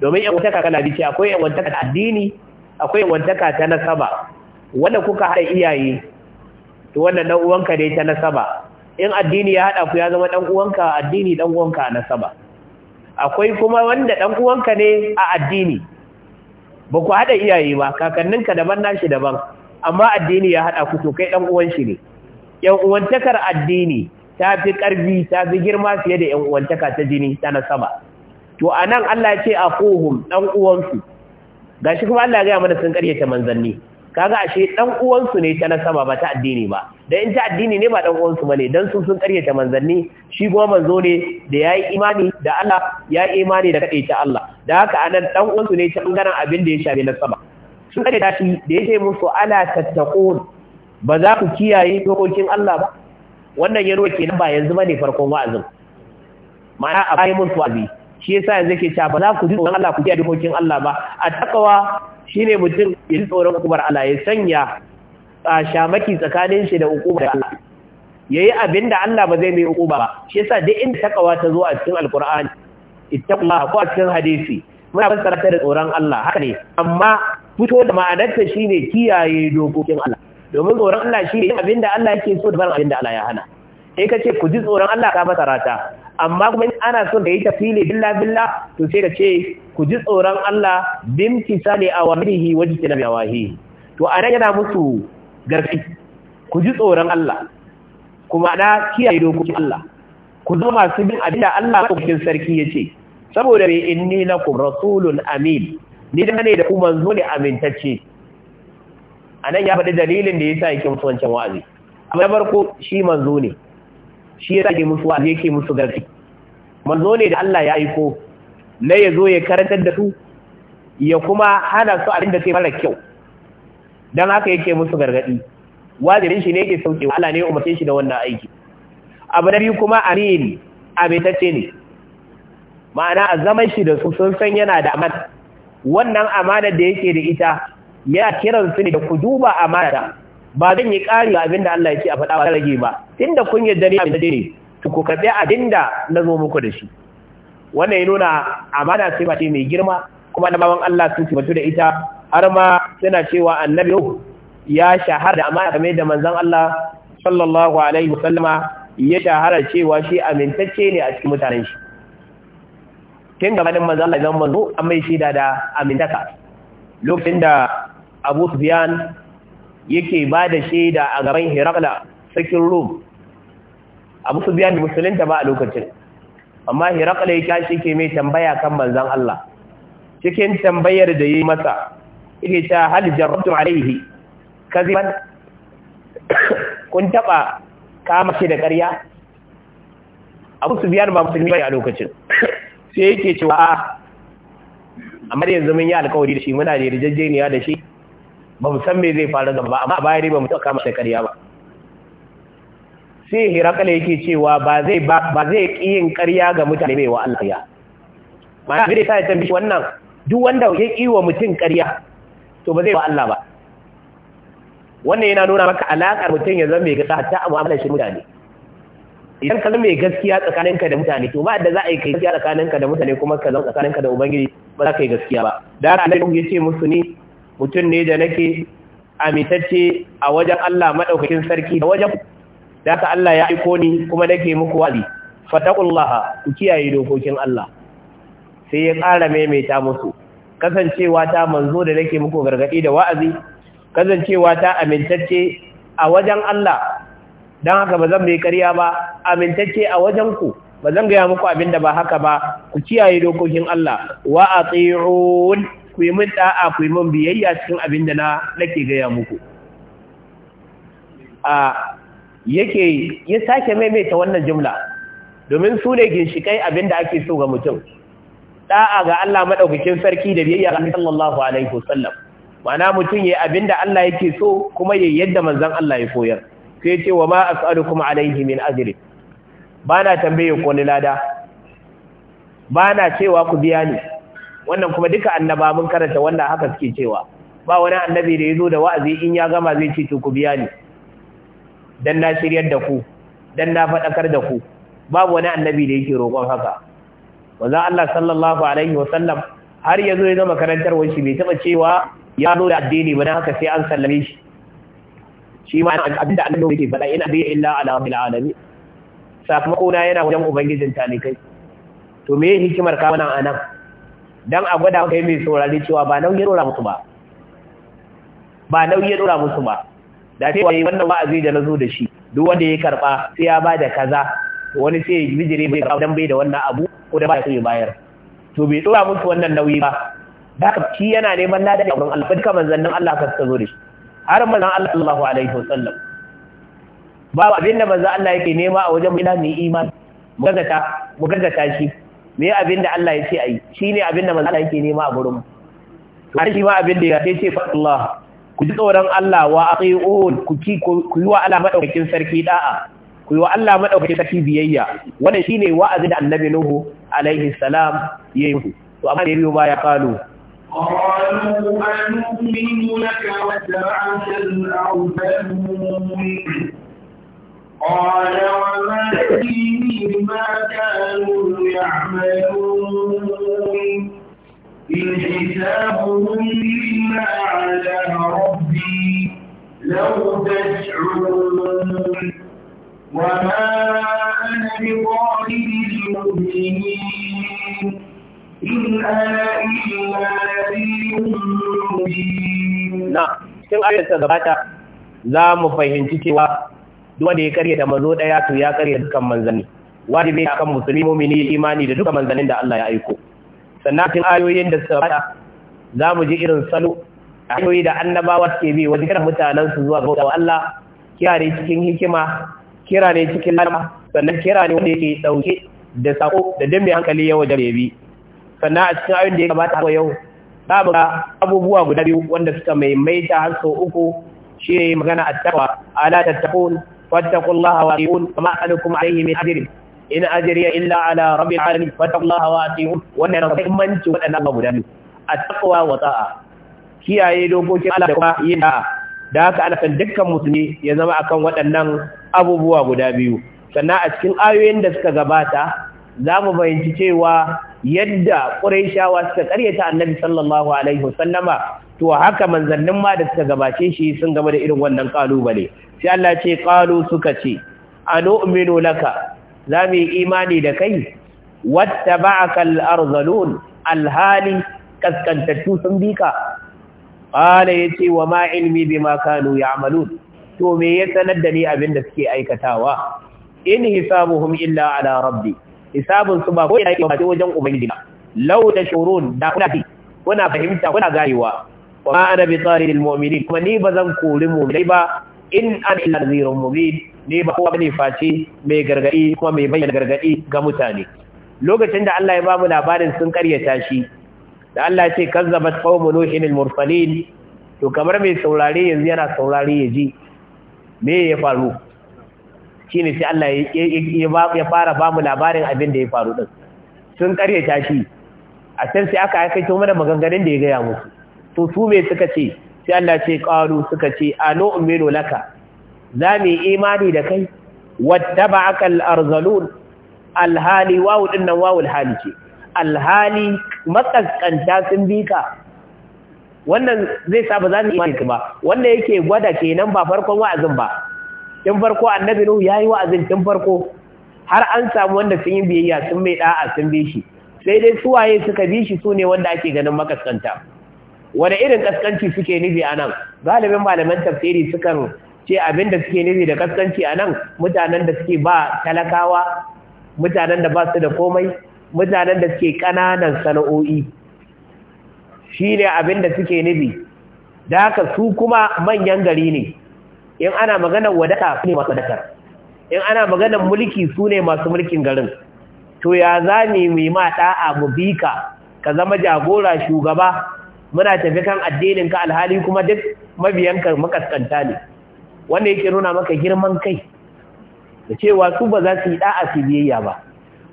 domin yan wata kala bice akwai yan wata ta addini akwai yan wata ta nasaba wanda kuka haɗa iyaye to wannan dan uwanka ne ta nasaba in addini ya haɗa ku ya zama dan uwanka addini dan uwanka nasaba akwai kuma wanda ɗan uwanka ne a addini ba ku haɗa iyaye ba kakanninka daban nashi daban amma addini ya haɗa ku to kai ɗan uwan shi ne ƴan uwantakar addini ta fi ƙarfi ta fi girma fiye da ƴan uwantaka ta jini ta na sama. to anan Allah ya ce aquhum ɗan uwansu gashi kuma Allah ya ga mana sun ƙaryata manzanni kaga ashe dan uwansu ne ta na sama ba ta addini ba dan in ta addini ne ba dan uwansu bane dan su sun karyata manzanni shi kuma manzo ne da yayi imani da Allah ya imani da kadai ta Allah da haka anan dan uwansu ne ta bangaren abin da ya shafi nasaba sun karyata shi da yace musu ala tattaqun ba za ku kiyaye dokokin Allah ba wannan yaro kenan ba yanzu bane farkon wa'azin ma'ana a bayan musu wa'azi shi yasa yanzu yake cewa ba za ku ji tsoron Allah ku kiyaye dokokin Allah ba a takawa Shi ne mutum ya ji tsoron hukumar Allah ya sanya shamaki tsakanin shi da hukumar Allah yi abin da Allah ba zai mai hukuma ba shi yasa duk inda takawa ta zo a cikin ita kuma ko a cikin hadisi muna ban ta da tsoron Allah haka ne amma fito da ma'anarta ne kiyaye dokokin Allah domin tsoron Allah shi yin abin da Allah yake so da barin abin da Allah ya hana sai ce ku ji tsoron Allah ka fassara ta amma kuma ana son da yi fili billa billa to sai da ce ku ji tsoron Allah bimtisali awamrihi wajtinabi wahi. to a yana musu garfi ku ji tsoron Allah kuma na kiyaye dokokin Allah ku zo masu bin abinda Allah madaukakin sarki yace saboda me inni ku, rasulun amin ni da ne da kuma manzo ne amintacce anan ya faɗi dalilin da yasa yake musu wancan wa'azi abu na farko shi manzo ne shi ya rage musu wa yake musu garfi manzo ne da Allah ya aiko na ya zo ya karantar da su ya kuma hana su abin da sai mara kyau don haka yake musu gargadi wajibin shi ne yake sauke Allah ne umarce shi da wannan aiki abu na biyu kuma amin abetacce ne ma'ana a zaman shi da su sun san yana da amana wannan amana da yake da ita yana kiran su ne da ku duba amana ba zan yi ƙari abin da Allah ya ce a faɗa ba rage ba da kun yarda ne a da ne to ku karɓi abinda na zo muku da shi wannan ya nuna amana sai ba ce mai girma kuma na bawan Allah sun ci da ita har ma suna cewa annabi ya shahara da amana kamar da manzon Allah sallallahu alaihi wasallama ya shahara cewa shi amintacce ne a cikin mutanen shi tun gabanin manzon Allah zan manzo an mai shida da amintaka lokacin da Abu Sufyan yake ba da shaida a gaban Herakla sarkin Rome. Abu Sufyan musulunta ba a lokacin amma Herakla ya kashi ke mai tambaya kan manzon Allah cikin tambayar da yi masa yake ta hal jarrabtu alaihi kaziban <coughs> kun taba kama shi da ƙarya Abu Sufyan ba musulmi ba a lokacin <coughs> sai yake cewa amma yanzu mun yi alƙawari da shi muna da yarjejeniya da shi ba mu san me zai faru da ba amma baya ba mu ta kama sai ƙarya ba sai hirakala yake cewa ba zai ba zai yin ƙarya ga mutane mai wa Allah ya ma bi sai ta bi wannan duk wanda ya yi wa mutum ƙarya to ba zai wa Allah ba wannan yana nuna maka alaƙar mutum ya zama mai gaskiya ta mu'amalar shi mutane idan ka zama mai gaskiya tsakaninka da mutane to ba da za a yi gaskiya tsakaninka da mutane kuma ka zama tsakaninka da ubangiji ba za ka yi gaskiya ba da Allah ya ce musu ni mutum ne da nake amitacce a wajen Allah maɗaukakin sarki da wajen da aka Allah ya aiko ni kuma nake muku wali fataqullaha ku kiyaye dokokin Allah sai ya ƙara maimaita musu kasancewa ta manzo da nake muku gargaɗi da wa'azi kasancewa ta amintacce a wajen Allah dan haka bazan mai ƙarya ba amintacce a wajen ku bazan ga muku abinda ba haka ba ku kiyaye dokokin Allah wa atiyun ku yi min da'a ku yi min biyayya cikin abin da na nake gaya muku a yake ya sake maimaita wannan jumla domin su ne ginshikai abin da ake so ga mutum da'a ga Allah madaukakin sarki da biyayya ga sallallahu alaihi wasallam ma'ana mutum yayi abin da Allah yake so kuma yayi yadda manzon Allah ya koyar sai ya ce wa ma as'alukum alaihi min ajri bana tambaye ku ni lada bana cewa ku biya ni wannan kuma duka annaba mun karanta wannan haka suke cewa ba wani annabi da ya zo da wa'azi in ya gama zai ce to ku biya ni dan na shiryar da ku dan na faɗakar da ku babu wani annabi da yake roƙon haka manzo Allah sallallahu alaihi wa sallam har yazo ya zama wani shi bai taba cewa ya zo da addini ba dan haka sai an sallame shi shi ma abinda Allah yake faɗa ina bi illa ala rabbil alamin na yana wajen ubangijin talikai to me hikimar ka wannan anan Dan a gwada kai mai saurari cewa ba nauyi ya dora musu ba ba nauyi ya dora musu ba da sai yi wannan wa'azi da na zo da shi duk wanda ya karba sai ya bada kaza wani sai ya bijire bai karba dan bai da wannan abu ko da ba sai ya bayar to bai dora musu wannan nauyi ba da ci yana neman na da Allah manzan nan Allah ka zo da shi har manzan Allah sallallahu alaihi wasallam ba abin da manzan Allah yake nema a wajen mu ina mai imani mu gaggata mu gaggata shi me abin da Allah ya ce a yi shi ne abin da mazala yake nema a gurin har shi ma abin da ya ce fatullah ku ji tsoron Allah wa aqiun ku ku yi wa Allah maɗaukakin sarki ɗa'a ku yi wa Allah maɗaukakin sarki biyayya wannan ne wa'azi da Annabi Nuhu alaihi salam yayi ku to amma ba ya kalu قال وما فيه ما كانوا يعملون إن حسابهم إلا على ربي لو تشعرون وما أنا بطارد المؤمنين إن أنا إلا نذير مبين نعم cikin ayar ta gabata za mu fahimci cewa duk wanda ya karya da manzo daya to ya karya dukkan manzanni wajibi akan musulmi mu'mini imani da dukkan manzannin da Allah ya aiko sannan cikin ayoyin da suka bada za mu ji irin salo ayoyi da annabawa ke bi wajen kira mutanen su zuwa ga Allah kira ne cikin hikima kira ne cikin lalama sannan kira ne wanda yake dauke da sako da dambe hankali yau da bebi sannan a cikin ayoyin da ya gabata a yau za mu ga abubuwa guda biyu wanda suka maimaita har sau uku shi ne magana a takwa ala tattaqun واتقوا الله وأطيعون وما أسألكم عليه من أجر إن أجري إلا على رب العالمين فاتقوا الله وأطيعون وأنا نظمن وأنا أبو التقوى وطاعة kiyaye dokokin Allah da kuma yin da da haka ana san dukkan musulmi ya zama akan waɗannan abubuwa guda biyu sannan a cikin ayoyin da suka gabata za mu fahimci cewa yadda ƙurayshawa suka ƙaryata annabi sallallahu to haka manzannin ma da suka gabace shi sun game da irin wannan ƙalubale sai Allah ce qalu suka ce anu'minu laka zamu imani da kai wattaba'aka al-arzalun alhali kaskantattu sun bika qala yace wa ma ilmi bima kanu ya'malun to me ya sanar da ni abin da suke aikatawa in hisabuhum illa ala rabbi hisabun su ba ko yake ba wajen ubangiji law da shurun da kuna kuna fahimta kuna garewa wa ma ana bi tsari lil mu'minin kuma ni bazan kori mu'minai ba in an ila nazirun mubin ne ba kowa bane face mai gargadi kuma mai bayyana gargadi ga mutane lokacin da Allah ya ba mu labarin sun karyata shi da Allah ya ce kazzabat qaumu nuhin al-mursalin to kamar mai saurare yanzu yana saurare ya ji me ya faru shine sai Allah ya fara ba mu labarin abin da ya faru din sun karyata shi a sai aka to mana maganganun da ya gaya musu to su me suka ce sai Allah ce qalu suka ce anu uminu laka za mu yi imani da kai ba aka arzalun alhali wawu ɗin nan wawu alhali ce alhali matsakanta sun bi ka wannan zai sa ba za mu imani ba wanda yake gwada kenan ba farkon wa'azin ba tun farko annabi nuhu ya yayi wa'azin tun farko har an samu wanda sun yi biyayya sun mai da'a sun bi shi sai dai suwaye suka bi shi su ne wanda ake ganin makaskanta wani irin kaskanci suke nufi a nan galibin malaman tafsiri sukan ce abin da suke nufi da kaskanci a nan mutanen da suke ba talakawa mutanen da ba su da komai mutanen da suke ƙananan sana'o'i shi ne abin da suke nufi da haka su kuma manyan gari ne in ana maganar wadata su ne masu dakar in ana maganar mulki su ne masu mulkin garin to ya za mu yi ma ɗa'a mu bi ka ka zama jagora shugaba muna tafi kan addinin ka alhali kuma duk mabiyanka makaskanta ne wanda yake nuna maka girman kai da cewa su ba za su yi da'a su biyayya ba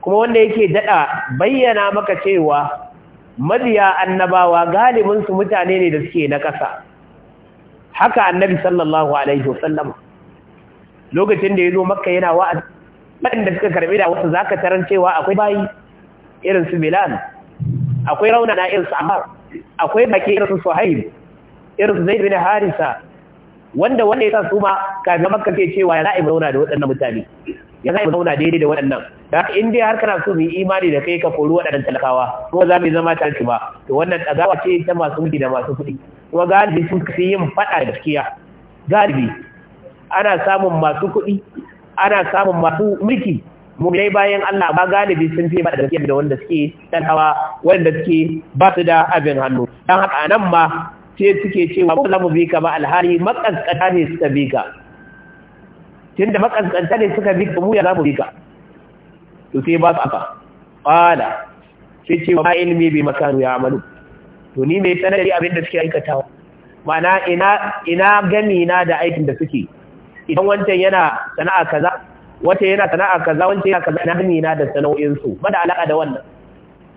kuma wanda yake dada bayyana maka cewa mabiya annabawa galibin su mutane ne da suke na ƙasa. haka annabi sallallahu alaihi wasallam lokacin da yazo makka yana wa'azi waɗanda suka karbi da wasu zaka taran cewa akwai bayi irin su bilal akwai Rauna na irin su amar akwai baki irin su suhaib irin su zaid bin harisa wanda wanda ya sa su ma kafin makka ke cewa ya za'i zauna da waɗannan mutane ya za'i zauna daidai da waɗannan da haka in dai har kana so mu yi imani da kai ka kori waɗannan talakawa ko za mu yi zama talaki ba to wannan ɗagawa ce ta masu mulki da masu kuɗi kuma galibi sun fi yin faɗa da gaskiya galibi ana samun masu kuɗi ana samun masu mulki Mu dai bayan Allah ba galibi sun fi ba da gaskiya da wanda suke dan hawa wanda suke ba su da abin hannu dan haka nan ma sai suke cewa ba za mu bi ka ba alhali makaskata ne suka bi ka tunda makaskata ne suka bi ka mu ya za mu bi ka to sai ba su aka qala sai ce wa ilmi bi makaru ya amalu to ni mai sanari abin da suke aikatawa ma'ana ina ina gani na da aikin da suke idan wancan yana sana'a kaza wata yana sana'a kaza wance yana kaza na hani na da sana'o'in su ba da alaka da wannan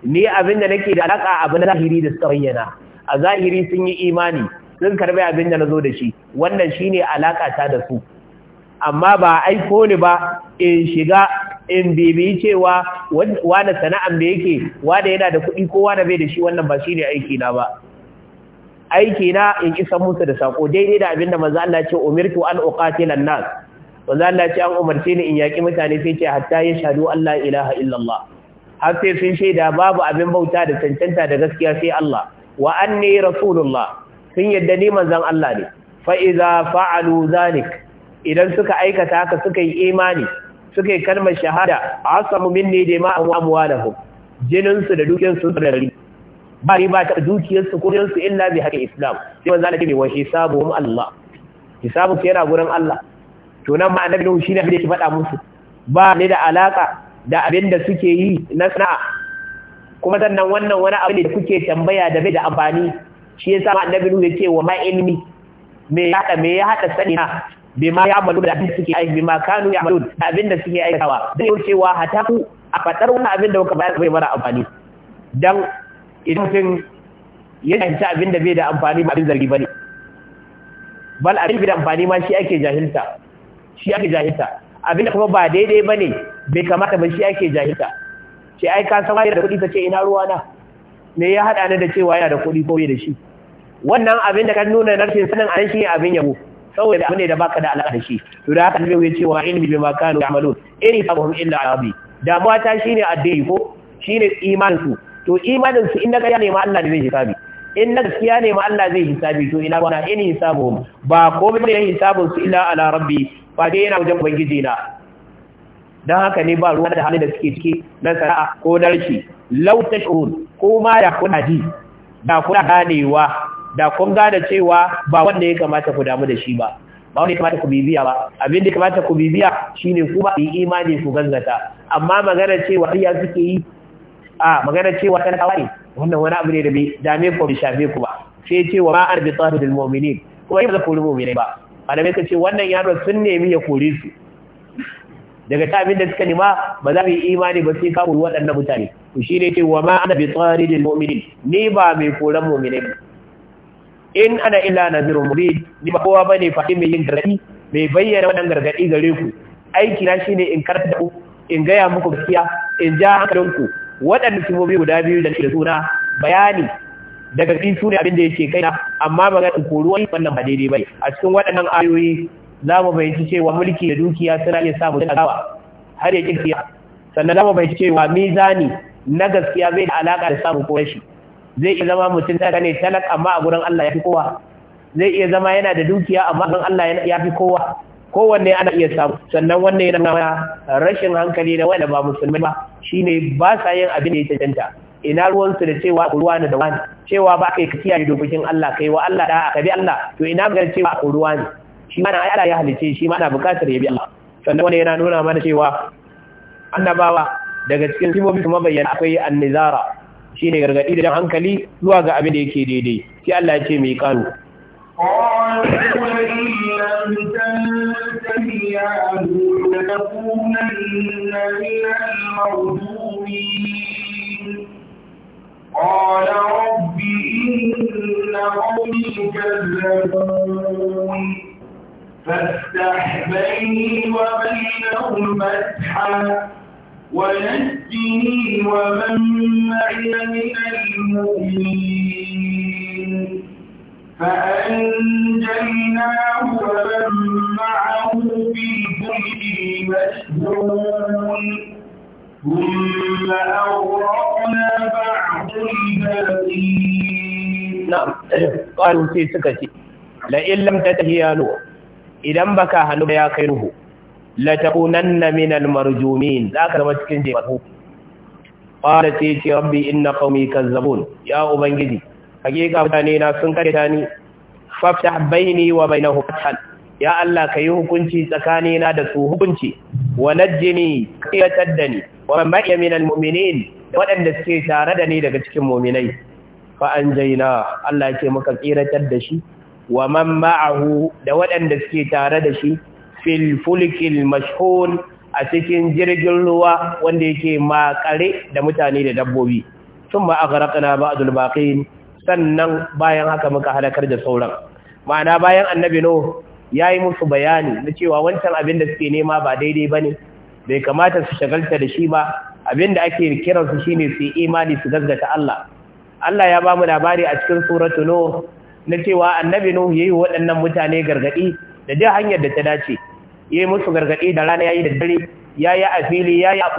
ni abin da nake da alaka abu na zahiri da suka bayyana a zahiri sun yi imani sun karbi abin da zo da shi wannan shine alaka ta da su amma ba aiko ni ba in shiga in bibiyi cewa wani sana'an da yake wani yana da kuɗi ko wani bai da shi wannan ba shine aiki na ba aiki na in isa musu da sako daidai da abin da manzo Allah ya ce umirtu an uqatila nas manzo Allah ce an umarce ni in yaki mutane sai ce hatta ya shahadu Allah ilaha illallah har sai sun shaida babu abin bauta da cancanta da gaskiya sai Allah wa anni rasulullah sun yadda ni manzon Allah ne fa iza fa'alu zalik idan suka aikata haka suka yi imani suka yi kalmar shahada asamu minni jama'an wa amwalahum jinin su da dukiyar su da rari ba riba ta dukiyar su ko jinin su illa bi haqqi islam sai manzo Allah ce wa hisabuhum Allah hisabu yana gurin Allah to nan ma annabi nuhu shine da yake faɗa musu ba ne da alaka da abin da suke yi na sana'a kuma sannan wannan wani abin da kuke tambaya da bai da amfani shi yasa ma annabi nuhu yake wa ma ilmi me ya hada me ya hada sani na bi ma ya malu da abin da suke aiki bi ma kanu ya malu da abin da suke aikatawa zai yi cewa hata ku a fadar wani abin da kuka bayar bai mara amfani dan idan mutum ya fahimci abin da bai da amfani ba abin zargi bane bal abin da amfani ma shi ake jahilta shi ake jahilta abinda kuma ba daidai ba ne bai kamata ba shi ake jahilta shi ai ka san da kuɗi ta ce ina ruwa na me ya haɗa ni da cewa yana da kuɗi ko da shi wannan abin da ka nuna na rashin sanin an shi abin yabo saboda abin da baka da alaƙa da shi to da haka zai wai cewa ilmi bi makanu amalu iri fahum illa arabi damuwa ta shine addini ko shine imanin su to imanin su in na ne ma Allah zai hisabi in na gaskiya ne ma Allah zai hisabi to ina wana in hisabuhum ba komai ne hisabun su illa ala rabbi ba dai yana wajen ubangiji na don haka ne ba ruwa da halin da suke ciki na sana'a ko na rashi lau ko ma da kuna ji da kuna ganewa da kun gane cewa ba wanda ya kamata ku damu da shi ba ba wanda ya kamata ku bibiya ba abin da ya kamata ku bibiya shine ku ba yi imani ku gangata amma magana cewa riya suke yi a magana cewa tana kawai wannan wani abu ne da bai dame ku bai shafe ku ba sai cewa ma arbi tsari da mu'minin ko yi ba ku mu'minai ba malamai ka ce wannan yaro sun nemi ya kore su daga ta abin da suka nema ba za mu yi imani ba sai ka waɗannan mutane Ku shi ne ce wa ma ana bi da ni ba mai koren mominai ba in ana na nazirun mubin ni ba kowa ba ne fa mai yin gargadi mai bayyana wannan gargadi gare ku aiki na ne in karanta ku in gaya muku gaskiya in ja hankalinku waɗanda su guda biyu da ke da suna bayani daga cikin su ne abin da yake kaina amma ba ga kori ruwan wannan ba daidai ba a cikin waɗannan ayoyi za mu bayyana cewa mulki da dukiya suna iya sa mutum gawa har ya kirkiya sannan za mu bayyana cewa mizani na gaskiya bai da alaka da samun ko shi zai iya zama mutum ta gane talak amma a gurin Allah ya fi kowa zai iya zama yana da dukiya amma a gurin Allah ya fi kowa kowanne ana iya samu sannan wannan yana rashin hankali da wanda ba musulmi ba shine ba sa yin abin da ya cancanta ina ruwan su da cewa ku ruwa ne da wani cewa ba kai ka kiyaye dokokin Allah kai wa Allah da ka bi Allah to ina magana cewa ku ruwa ne shi ma na ya halice shi ma ana bukatar ya bi Allah sannan wani yana nuna mana cewa annabawa daga cikin sibobi kuma bayyana akwai annizara shine gargadi da hankali zuwa ga abin da yake daidai sai Allah ya ce mai kanu قالوا قال رب إن قومي كذبون فافتح بيني وبينهم فتحا ونجني ومن معي من المؤمنين فأنجيناه ومن معه في كل مشهور Mun Idan baka hannu da ya kainu. Lata kunanna min almarjumin, za ka cikin taimakon ku. Fada ce ya ce Rabi'u in na Ya Ubangiji, haƙiƙa mutanena sun karye ta ni. Fafda bai wa bai na Ya Allah ka yi hukunci tsakanina da su hukunci. Wa na jini ka iya taddani. wa ma'iya minal mu'minin waɗanda suke tare da ni daga cikin mu'minai fa anjayna Allah yake muka tsiratar da shi wa man ma'ahu da waɗanda suke tare da shi fil fulkil mashhun a cikin jirgin ruwa wanda yake makare da mutane da dabbobi thumma aghraqna ba'dul baqin sannan bayan haka muka halakar da sauran ma'ana bayan annabi no yayi musu bayani na cewa wancan abin da suke nema ba daidai bane bai kamata su shagalta da shi ba abinda ake kiransu shine su imani su gaggata Allah Allah ya ba mu labari a cikin suratu Nuh na cewa annabi Nuh yayi waɗannan mutane gargadi da dai hanyar da ta dace yayi musu gargadi da rana yayi da dare yayi a fili yayi a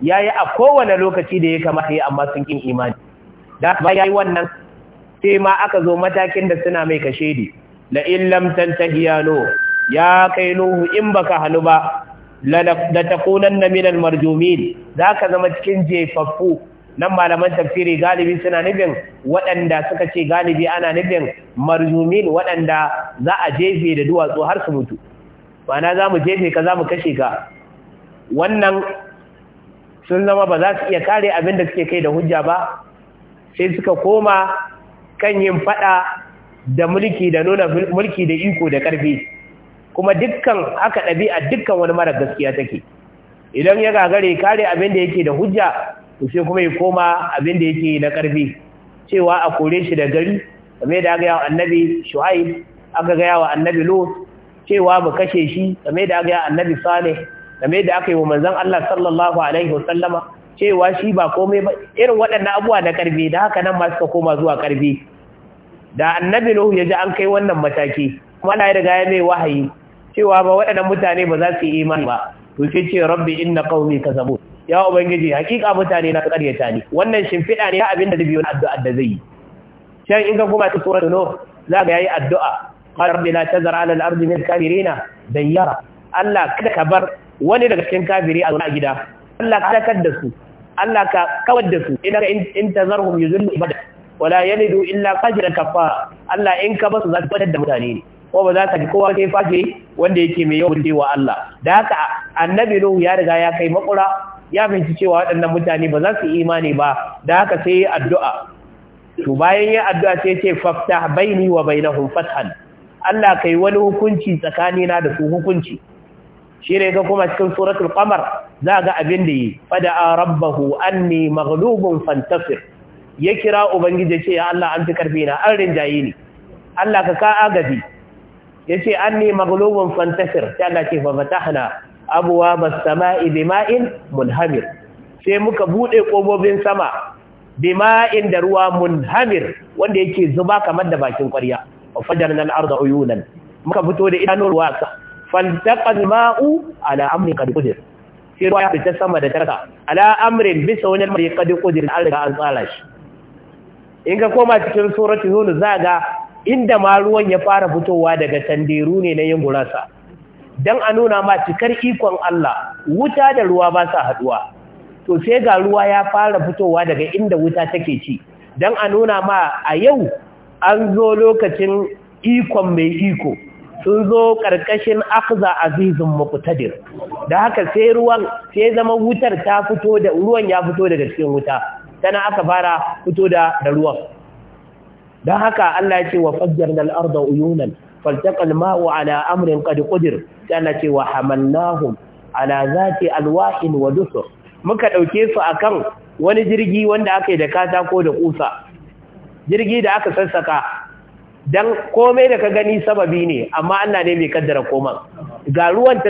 ya yayi a kowane lokaci da ya kamata yi amma sun kin imani da ba yayi wannan sai ma aka zo matakin da suna mai kashedi la illam lam ya kai nuhu in baka hanu ba la takunanna min al-marjumin zaka zama cikin jefaffu nan malaman tafsiri galibi suna nufin waɗanda suka ce galibi ana nufin marjumin waɗanda za a jefe da duwatsu har su mutu Bana za mu jefe ka za mu kashe ka wannan sun zama ba za su iya kare abin da suke kai da hujja ba sai suka koma kan yin fada da mulki da nuna mulki da iko da karfi kuma dukkan haka ɗabi'a dukkan wani mara gaskiya take idan ya gagare kare abin da yake da hujja to sai kuma ya koma abin da yake na ƙarfi cewa a kore shi da gari game da aka yawa annabi shu'aib aka ga yawa annabi lut cewa mu kashe shi game da aka yawa annabi salih game da aka yi wa manzon Allah sallallahu alaihi wasallama cewa shi ba komai ba irin waɗannan abubuwa na ƙarfi da haka nan ma suka koma zuwa ƙarfi da annabi nuhu ya ji an kai wannan mataki kuma Allah ya riga ya mai wahayi cewa ba waɗannan mutane ba za su yi imani ba to sai ce rabbi inna qaumi kazabu ya ubangiji hakika mutane na karyata ne. wannan shimfiɗa ne abin da zai biyo na addu'a da zai yi can in ka kuma ta suratul nur za ga yayi addu'a qala rabbi la tazar ala al-ardi min kafirina dayyara Allah kada ka bar wani daga cikin kafiri a zuwa gida Allah ka dakar da su Allah ka kawar da su idan in tazarhum yuzillu ibada wala yalidu illa fajiran kafa. Allah in ka basu za ka fitar da mutane ne ko ba za ta ji kowa kai face wanda yake mai yawan wa Allah da haka annabi Nuhu ya riga ya kai makura ya fahimci cewa waɗannan mutane ba za su yi imani ba da haka sai yi addu'a to bayan yi addu'a sai ce fafta baini wa bainahum fathan Allah kai wani hukunci na da su hukunci shi ga kuma cikin suratul qamar za ga abin da yi fada rabbahu anni maghlubun fantasir ya kira ubangiji ce ya Allah an fi karfi na an rinjaye ni Allah ka ka agaji Ya ce yace anni maghlubun fantashir sai Allah ce fa abuwa ba sama'i bima'in munhamir sai muka bude kobobin sama bima'in da ruwa munhamir wanda yake zuba kamar da bakin ƙwarya a fajar nan arda uyunan muka fito da idanun ruwa faltaqa al-ma'u ala amrin qad qadir sai ruwa ya fita sama da tarka ala amrin bisa wani mari qad qadir an riga an tsala shi in ka koma cikin suratul yunus ga. inda ma ruwan ya fara fitowa daga tanderu ne na yin gurasa don a nuna ma cikar ikon Allah wuta da ruwa ba sa haduwa to sai ga ruwa ya fara fitowa daga inda wuta take ci don a nuna ma a yau an zo lokacin ikon mai iko sun zo ƙarƙashin akza azizin muqtadir da haka sai ruwan sai zama wutar ta fito da ruwan ya fito daga cikin wuta tana aka fara fito da ruwan don haka Allah ya ce wa Fajjar al-arda uyunan faltaqa mau ala amrin qad qudir sai ce wa hamalnahum ala zati alwahin wa dusur muka ɗauke su akan wani jirgi wanda aka yi da katako da ƙusa, jirgi da aka sassaka dan komai da ka gani sababi ne amma Allah ne mai kaddara koma ga ruwan